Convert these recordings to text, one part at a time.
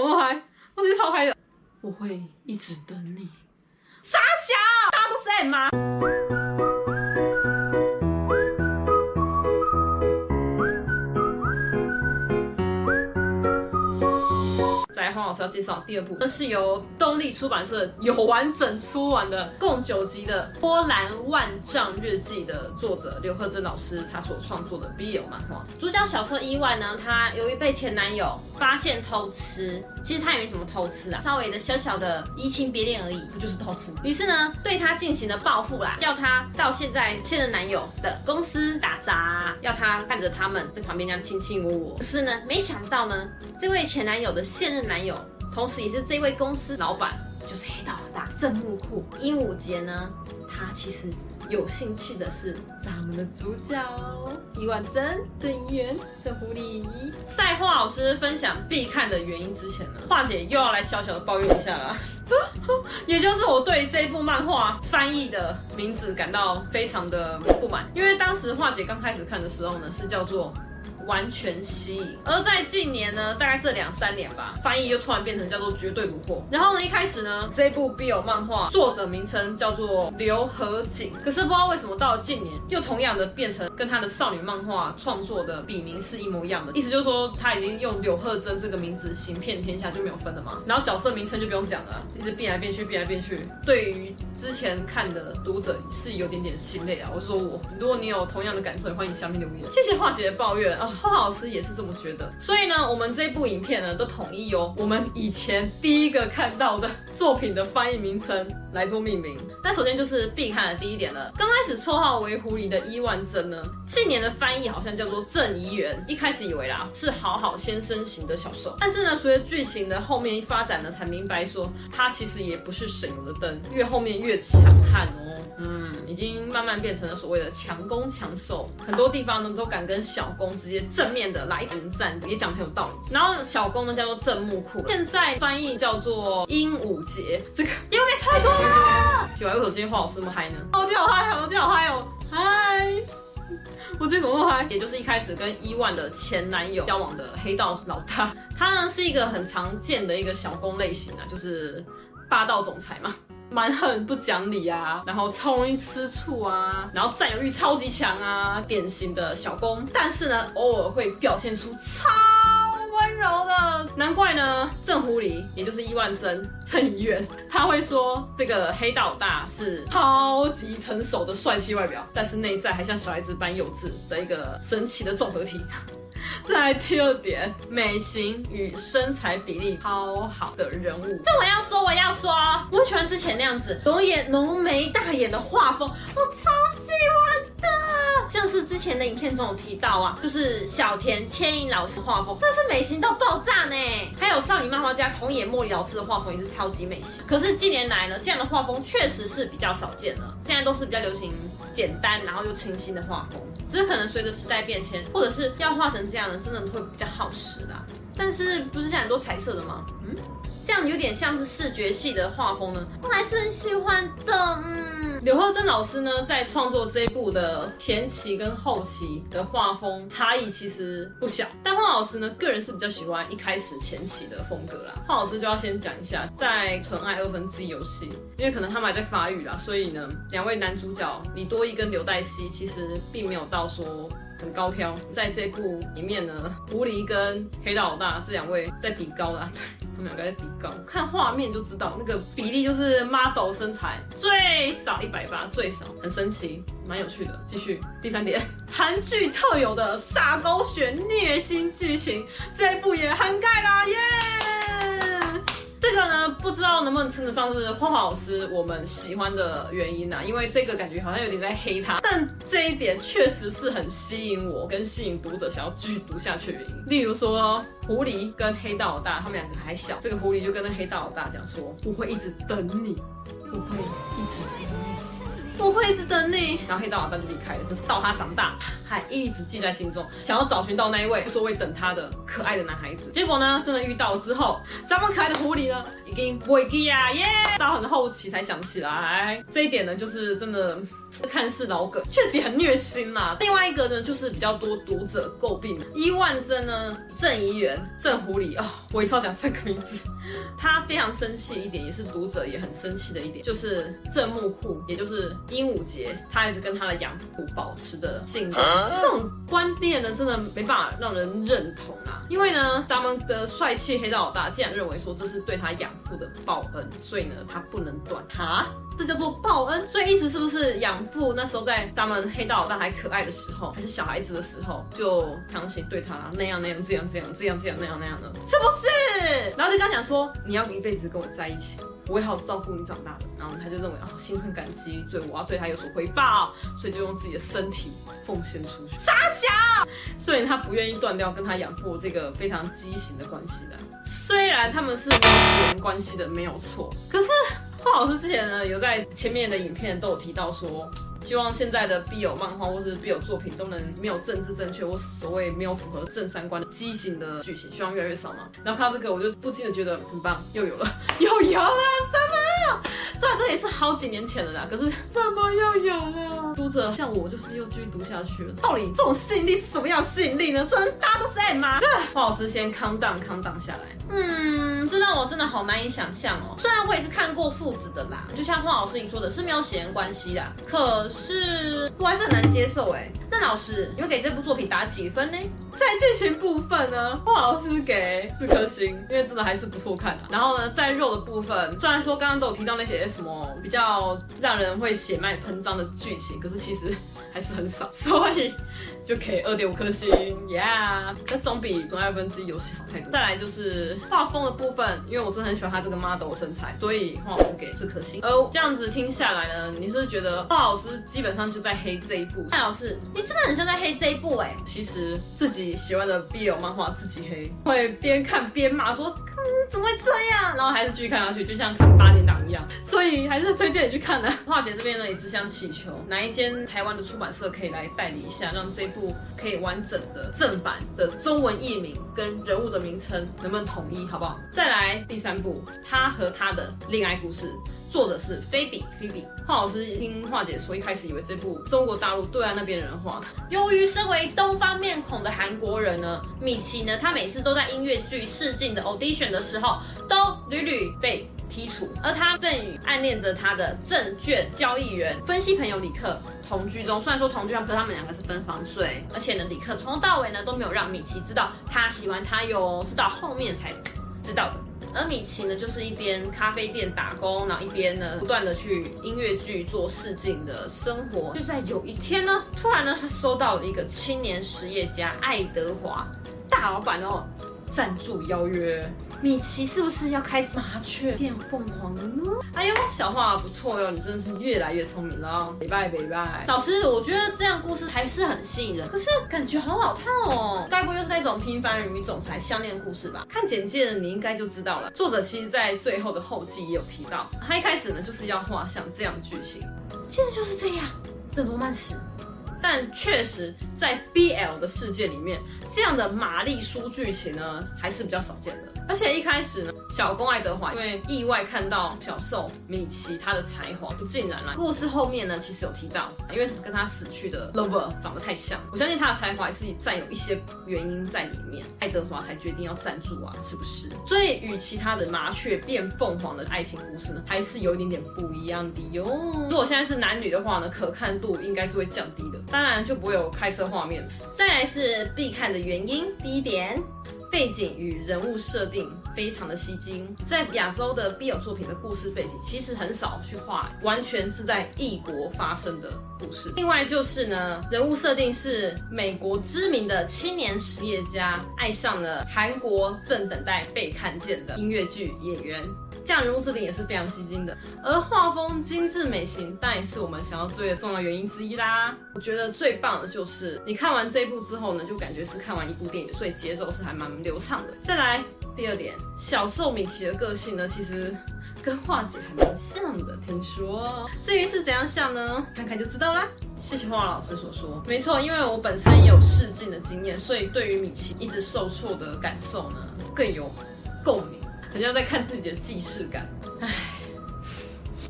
超嗨！我直接超嗨的。我會一直等你，傻笑。大家都是 M 嗎？ 要介紹第二部，那是由東立出版社有完整出版的共九集的《波瀾萬丈日記》的作者柳賀真老師他所創作的 BL 漫畫。主角小說伊萬呢，他由於被前男友發現偷吃，其實他也沒怎麼偷吃啊，稍微的小小的移情別戀而已，不就是偷吃？於是呢，對他進行了報復啦，要他到現在現任男友的公司打雜，要他看着他們在旁邊這樣卿卿我我。可是呢，沒想到呢，這位前男友的現任男友。同時，也是這位公司老板，就是黑道老大正木庫英武傑呢。他其實有興趣的是咱們的主角伊萬珍，真一元的狐狸。在樺樺老師分享必看的原因之前呢，樺姐又要來小小的抱怨一下啦。 也就是我對於這一部漫畫翻譯的名字感到非常的不滿，因為當時樺姐剛開始看的時候呢，是叫做。完全吸引，而在近年呢，大概這兩三年吧，翻譯又突然變成叫做絕對擄獲。然後呢，一開始呢，這部 BL 漫畫作者名稱叫做劉荷瑾，可是不知道為什麼到了近年又同樣的變成跟他的少女漫畫創作的筆名是一模一樣的，意思就是說他已經用柳賀真這個名字行騙天下就沒有分了嗎？然後角色名稱就不用講了，啊，一直變來變去，變來變去，對於。之前看的讀者是有點點心累啊，我說我，如果你有同樣的感受，歡迎下面留言。謝謝樺姐的抱怨啊，樺樺老師也是這麼覺得。所以呢，我們這部影片呢，都統一由我們以前第一個看到的作品的翻譯名稱來做命名。那首先就是必看的第一點了。剛開始綽號為狐狸的伊、e、萬正呢，近年的翻譯好像叫做鄭怡元。一開始以為啦是好好先生型的小受，但是呢，隨着劇情的後面一發展呢，才明白說他其實也不是省油的燈，越後面越，越強悍哦，嗯，已經慢慢變成了所謂的強攻強受。很多地方呢都敢跟小攻直接正面的來迎戰，也講很有道理。然後小攻呢叫做正木庫，現在翻譯叫做鸚鵡節，這個有沒有猜中啊？喜歡用今天畫老師麼嗨呢？好嗨今天好嗨哦，喔，嗨！我最近，喔，怎麼，那麼嗨？也就是一開始跟伊、e、萬的前男友交往的黑道老大，他呢是一個很常見的一個小攻類型啊，就是霸道總裁嘛。蠻狠不講理啊，然後超容易吃醋啊，然後占有欲超級強啊，典型的小攻。但是呢，偶爾會表現出超溫柔的。難怪呢，鄭狐狸也就是伊萬真趁遠，他會說這個黑道大是超級成熟的帥氣外表，但是內在還像小孩子般幼稚的一個神奇的綜合體。再來第二點，美型與身材比例超好的人物，這我要說，我要說、哦，我喜歡之前那樣子濃眼濃眉大眼的畫風，我、哦、操！前的影片中有提到啊，就是小田千英老師畫風，真是美型到爆炸呢！還有少女漫畫家童野茉莉老師的畫風也是超級美型。可是近年來呢，這樣的畫風確實是比較少見了，現在都是比較流行簡單，然後又清新的畫風。只是可能隨着時代變遷，或者是要畫成這樣的，真的會比較耗時啦。但是不是現在很多彩色的嗎？嗯。這樣有點像是視覺系的畫風呢，我還是很喜歡的。嗯，柳賀真老師呢，在創作這一部的前期跟後期的畫風差異其實不小。但樺老師呢，個人是比較喜歡一開始前期的風格啦。樺老師就要先講一下，在《純愛二分之一》遊戲，因為可能他們還在發育啦，所以呢，兩位男主角李多熙跟劉黛錫其實並沒有到說。很高挑，在這部裡面呢，狐狸跟黑道老大這兩位在比高啦，啊，對，他們兩個在比高，看畫面就知道那個比例就是 model 身材最少一百八，180, 最少，很神奇，蠻有趣的。繼續第三點，韓劇特有的撒狗血虐心劇情，這一部也涵蓋了耶。Yeah! 不知道能不能稱得上是樺樺老師我們喜歡的原因呢、啊？因為這個感覺好像有點在黑他，但這一點確實是很吸引我，跟吸引讀者想要繼續讀下去的原因。例如說，狐狸跟黑道老大他們兩個還小，這個狐狸就跟那黑道老大講說：“我會一直等你，我會一直。”我會一直等你，然後黑晚王就離開了。到他長大，還一直記在心中，想要找尋到那一位所謂等他的可愛的男孩子。結果呢，真的遇到之後，咱們可愛的狐狸呢，已經不記得耶。Yeah! 到很後期才想起來這一點呢，就是真的看似老梗，確實也很虐心啦。另外一個呢，就是比較多讀者詬病，伊萬珍呢，鄭怡元，鄭狐狸哦，我一次要講三個名字。他非常生氣一點，也是讀者也很生氣的一點，就是鄭木庫，也就是。恩武傑，他還是跟他的養父保持着性關係。啊、這種觀點呢，真的沒辦法讓人認同啊！因為呢，咱們的帥氣黑道老大竟然認為說這是對他養父的報恩，所以呢，他不能斷哈。啊這叫做報恩，所以意思是不是養父那時候在咱們黑道老大還可愛的時候，還是小孩子的時候，就強行對他、啊、那樣那樣這樣這樣這樣這樣那樣那樣的，是不是？然後就跟他講說，你要一輩子跟我在一起，我會好好照顧你長大的。然後他就認為啊、哦，心存感激，所以我要對他有所回報，所以就用自己的身體奉獻出去。傻小，雖然他不願意斷掉跟他養父這個非常畸形的關係的，雖然他們是沒有血緣關係的，沒有錯，可是。老師之前呢，有在前面的影片都有提到說，希望現在的 BL 漫畫或是 BL 作品都能沒有政治正確或所謂沒有符合正三觀的畸形的劇情，希望越來越少嘛。然後看到這個，我就不禁的覺得很棒，又有了， 又有了，三八。對，雖然這也是好幾年前的啦。可是怎麼又有啊？讀者像我就是又繼續讀下去了。到底這種吸引力是什麼樣吸引力呢？真大家都是 M 啊。樺老師先康當康當下來。嗯，這讓我真的好難以想象哦。雖然我也是看過父子的啦，就像樺老師你說的，是沒有血緣關係啦，可是我還是很難接受哎、欸。那老師，你會給這部作品打幾分呢？在劇情部分呢，樺老師給四顆星，因為真的還是不錯看的、啊。然後呢，在肉的部分，雖然說剛剛都有提到那些什麼比較讓人會血脈噴張的劇情，可是其實還是很少，所以就給二點五顆星。Yeah，那總比《總愛分之一遊戲》好太多。再來就是畫風的部分，因為我真的很喜歡他這個 model 的身材，所以樺老師給四顆星。而這樣子聽下來呢，你是，是覺得樺老師基本上就在黑這一部？樺老師，你真的很像在黑這一部哎、欸。其實自己。喜歡的 BL 漫畫自己黑，會邊看邊罵說，嗯，怎麼會這樣？然後還是繼續看下去，就像看八點檔一樣。所以還是推薦你去看的、啊。樺姐這邊呢，也只想祈求哪一間台灣的出版社可以來代理一下，讓這部可以完整的正版的中文譯名跟人物的名稱能不能統一，好不好？再來第三部，他和他的戀愛故事。作者是菲比，菲比。樺老師聽樺姐說，一開始以為這部中國大陸對岸、啊、那邊人畫的。由於身為東方面孔的韓國人呢，米奇呢，他每次都在音樂劇試鏡的 audition 的時候，都屢屢被剔除。而他正與暗戀着他的證券交易員分析朋友李克同居中，雖然說同居可是他們兩個是分房睡。而且呢，李克從頭到尾呢都沒有讓米奇知道他喜歡他喲，是到後面才知道的。而米奇呢，就是一邊咖啡店打工，然後一邊呢，不斷的去音樂劇做試鏡的生活。就在有一天呢，突然呢，他收到了一個青年實業家愛德華大老板，然後贊助邀約。米奇是不是要開始麻雀變鳳凰了呢？哎呦，小畫不錯喲，你真的是越來越聰明了，哦。拜拜拜！老師，我覺得這樣故事還是很吸引人，可是感覺好老套哦，大概又是那種平凡人與總裁相戀故事吧。看簡介的你應該就知道了。作者其實在最後的後記也有提到，他一開始呢就是要畫像這樣劇情，其實就是這樣的羅曼史，但確實在 BL 的世界裡面，這樣的瑪麗蘇劇情呢還是比較少見的。而且一開始呢，小攻愛德華因為意外看到小受米奇他的才華，不竟然了，啊。故事後面呢，其實有提到，因為跟他死去的 lover 長得太像，我相信他的才華還是佔有一些原因在裡面，愛德華才決定要贊助啊，是不是？所以與其他的麻雀變鳳凰的愛情故事呢，還是有一點點不一樣的哦。如果現在是男女的話呢，可看度應該是會降低的，當然就不會有開車畫面。再來是必看的原因，第一點。背景與人物設定非常的吸睛，在亞洲的 BL 作品的故事背景其實很少去畫，完全是在異國發生的故事。另外就是呢，人物設定是美國知名的青年實業家，愛上了韓國正等待被看見的音樂劇演員。像人物設定也是非常吸睛的，而畫風精致美型，但也是我們想要追的重要原因之一啦。我覺得最棒的就是你看完這一部之後呢，就感覺是看完一部電影，所以節奏是還蠻流暢的。再來第二點，小受米奇的個性呢，其實跟樺姐還蠻像的。聽說，至於是怎樣像呢？看看就知道啦。謝謝樺樺老師所說，沒錯，因為我本身也有試鏡的經驗，所以對於米奇一直受挫的感受呢，更有共鳴。很像在看自己的既視感，唉。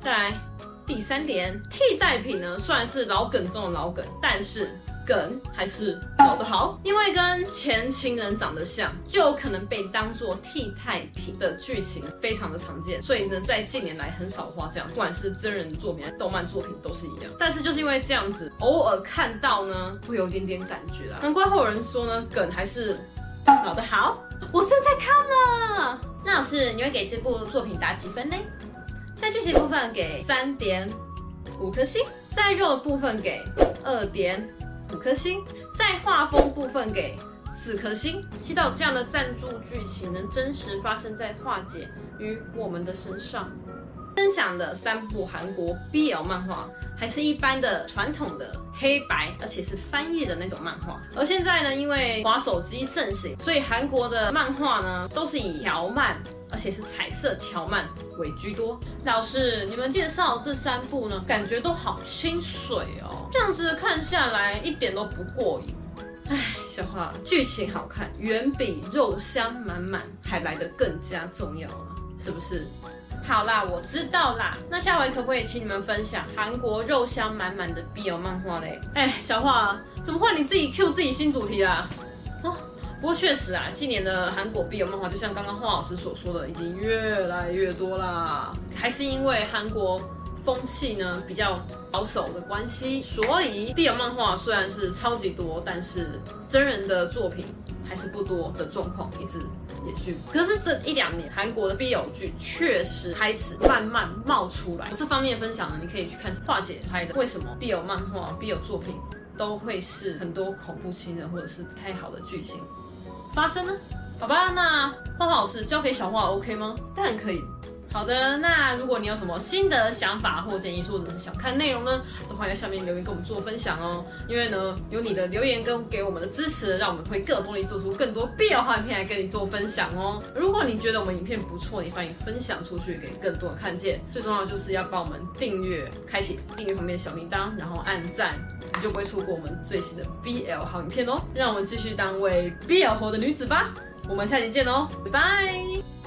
再來第三點，替代品呢，算是老梗中的老梗，但是梗還是老得好，因為跟前情人長得像，就有可能被當做替代品的劇情非常的常見，所以呢，在近年來很少畫這樣，不管是真人作品、還是動漫作品都是一樣。但是就是因為這樣子，偶爾看到呢，會有一點點感覺啊，難怪會有人說呢，梗還是。好的，好，我正在看呢。那老師，你會給這部作品打幾分呢？在劇情部分給三點五顆星，在肉部分給二點五顆星，在畫風部分給四顆星。祈禱這樣的贊助劇情能真實發生在樺姐與我們的身上。分享的三部韓國 BL 漫畫，還是一般的傳統的，黑白，而且是翻頁的那種漫畫。而現在呢，因為滑手機盛行，所以韓國的漫畫呢都是以條漫，而且是彩色條漫為居多。老師，你們介紹這三部呢，感覺都好清水哦，這樣子看下來一點都不過癮。哎，小樺，劇情好看遠比肉香滿滿還來得更加重要了，是不是？好啦，我知道啦。那下回可不可以請你們分享韓國肉香滿滿的 BL 漫畫嘞？哎、欸，小華怎麼換你自己 cue 自己新主題啦？哦，不過確實啊，今年的韓國 BL 漫畫，就像剛剛樺老師所說的，已經越來越多啦。還是因為韓國風氣呢比較保守的關係，所以 BL 漫畫雖然是超級多，但是真人的作品還是不多的狀況一直。可是這一兩年，韓國的 BL 劇確實開始慢慢冒出來。這方面分享呢，你可以去看樺姐拍的。為什麼 BL 漫畫、BL 作品都會是很多恐怖心的、親人或者是不太好的劇情發生呢？好吧，那樺樺老師交給小樺 OK 嗎？當然可以。好的，那如果你有什麼新的想法或建議，或者是想看內容呢？都歡迎在下面留言跟我們做分享哦。因為呢，有你的留言跟給我們的支持，讓我們會更有動力做出更多 BL 好影片來跟你做分享哦。如果你覺得我們影片不錯，你歡迎分享出去給更多人看見。最重要的就是要幫我們訂閱開啟，訂閱旁邊的小鈴鐺，然後按讚，你就不會錯過我們最新的 BL 好影片哦。讓我們繼續當為 BL 活的女子吧，我們下期見哦，拜拜。